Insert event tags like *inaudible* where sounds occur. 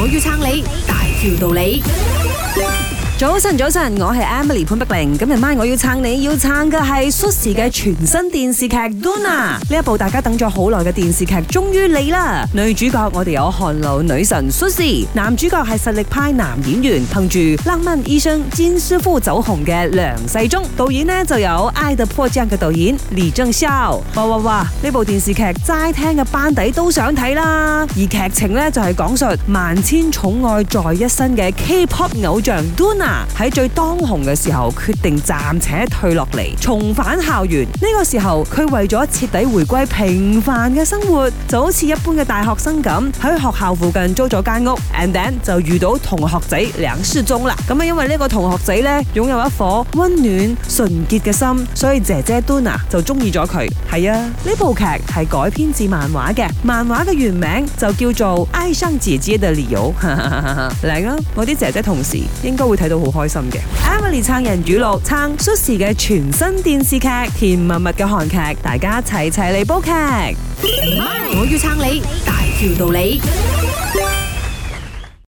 我要撐你，大條道理。早晨，早晨，我係 Emily 潘碧玲。今日晚我要撐你要撐嘅係 Suzy 嘅全新電視劇，《Doona》呢一部大家等咗好耐嘅電視劇終於嚟啦。女主角我哋有韓流女神 Suzy，男主角係實力派男演員憑住《浪漫醫生金師傅》走紅嘅梁世宗。導演呢就有《愛的迫降》嘅導演李正孝。哇哇哇！呢部電視劇齋聽嘅班底都想睇啦。而劇情呢就係、是、講述萬千寵愛在一身嘅 K-pop 偶像 Doona 喺最當紅嘅時候，決定暫且退落嚟，重返校園。呢、這個時候，佢為咗徹底回歸平凡嘅生活，就好似一般嘅大學生咁，喺學校附近租咗間屋，and then 就遇到同學仔梁思中啦。咁啊，因為呢個同學仔呢，擁有一顆溫暖純潔嘅心，所以姐姐 Dona 就中意咗佢。係啊，呢部劇係改編自漫畫嘅，漫畫嘅原名就叫做《愛上姐姐的理由》。嚟 *laughs* 啦、啊，我啲姐姐同事應該會睇到。好開心嘅，Emily 撐人語錄，撐 Suzy 嘅全新電視劇，甜蜜蜜嘅韓劇，大家齊齊嚟煲劇，Bye. 我要撐你，Bye. 大條道理。